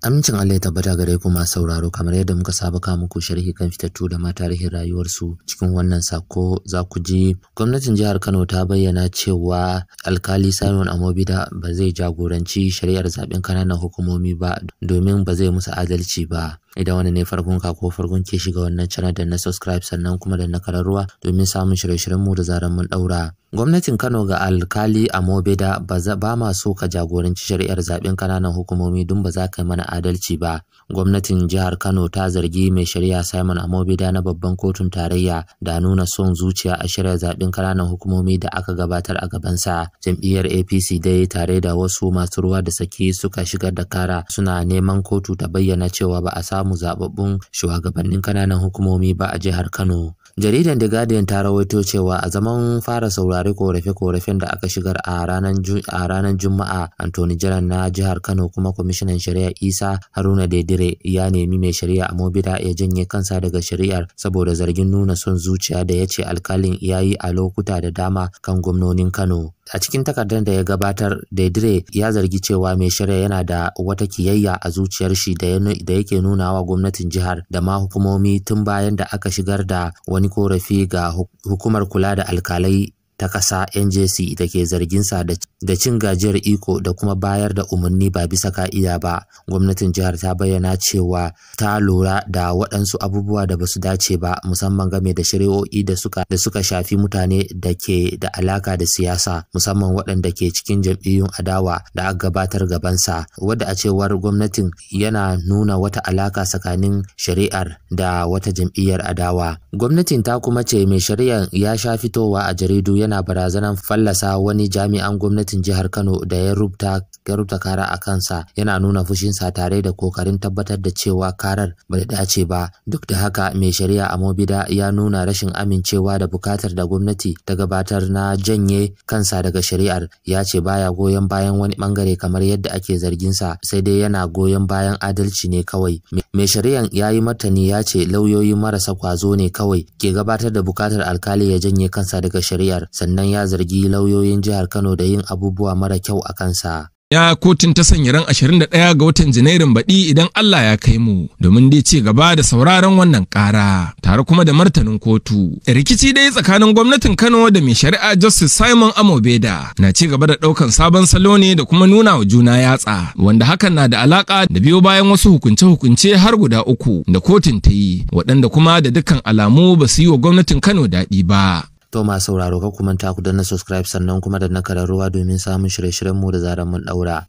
Amincin Allah ya tabbata gare ku masu sauraro kamar yadda muka saba ka muku sharhi kan fitattu da ma tarihin rayuwarsu cikin wannan sako za ku ji gwamnatin jihar Kano ta bayyana cewa alkali Simon Amobida ba zai jagoranci shari'ar zaben kananan hukumomi ba domin ba zai musu adalci ba idan wani ne farkon ka ko farkon ke shiga wannan channel da na subscribe sannan kuma da na kararruwa domin samun shirye-shiryen mu da zaran mun daura Gwamnatin Kano ga alkali Amobida ba ma so ka jagoranci shari'ar zaben kananan hukumomi don ba za ka mana adalci ba. Gwamnatin jihar Kano ta zargi mai shari'a Simon Amobida na babban kotun tarayya da nuna son zuciya a shirya zaɓen kananan hukumomi da aka gabatar a gabansa. Jam'iyyar APC dai tare da wasu masu ruwa da saki suka shigar da kara suna neman kotu ta bayyana cewa ba a samu zaɓaɓɓun shugabannin kananan hukumomi ba a jihar Kano. jaridan The Guardian ta rawaito cewa a zaman fara saurari korafe-korafen da aka shigar a ranar Juma'a Anthony Jaran na jihar Kano kuma kwamishinan shari'a Isa Haruna daidire ya nemi mai shari'a a Mobida ya janye kansa daga shari'ar saboda zargin nuna son zuciya da ya ce alkalin ya yi a lokuta da dama kan gwamnonin Kano. a cikin takardar da ya gabatar daidire ya zargi cewa mai shari'a yana da wata kiyayya a zuciyar shi da yake nunawa gwamnatin jihar da ma hukumomi tun bayan da aka shigar da wani korafi ga hukumar kula da alkalai ta ƙasa njc da ke zargin sa da cin gajiyar iko da kuma bayar da umarni ba bisa ka'ida ba gwamnatin jihar ta bayyana cewa ta lura da waɗansu abubuwa da basu dace ba musamman game da shari'o'i da da suka shafi mutane da ke da alaka da siyasa musamman waɗanda ke cikin jam'iyyun adawa da aka gabatar gabansa wadda a cewar gwamnatin yana nuna wata alaka tsakanin shari'ar da wata jam'iyyar adawa gwamnatin ta kuma ce mai shari'ar ya sha fitowa a jaridu yana yana barazanar fallasa wani jami'an gwamnatin jihar Kano da ya rubuta ya kara a kansa yana nuna fushinsa tare da kokarin tabbatar da cewa karar da dace ba duk da haka mai shari'a a Mobida ya nuna rashin amincewa da bukatar da gwamnati ta gabatar na janye kansa daga shari'ar ya ce baya goyon bayan wani bangare kamar yadda ake zargin sa sai dai yana goyon bayan adalci ne kawai mai shari'an ya yi martani ya ce lauyoyi marasa kwazo ne kawai ke gabatar da bukatar alkali ya janye kansa daga shari'ar sannan ya zargi lauyoyin jihar Kano da yin abubuwa mara kyau a kansa. Ya kotun ta sanya ran 21 ga watan Janairun baɗi idan Allah ya kai mu domin dai ci gaba da sauraron wannan ƙara tare kuma da martanin kotu. Rikici dai tsakanin gwamnatin Kano da mai shari'a Justice Simon Amobeda na ci gaba da ɗaukan sabon salo ne da kuma nuna wa juna yatsa wanda hakan na da alaƙa da biyo bayan wasu hukunce-hukunce har guda uku da kotun ta yi waɗanda kuma da dukkan alamu ba su yi wa gwamnatin Kano daɗi ba. to masu sauraro ka kuma ta ku na subscribe sannan kuma da na kararruwa domin samun shirye-shiryen mu da zaran mun daura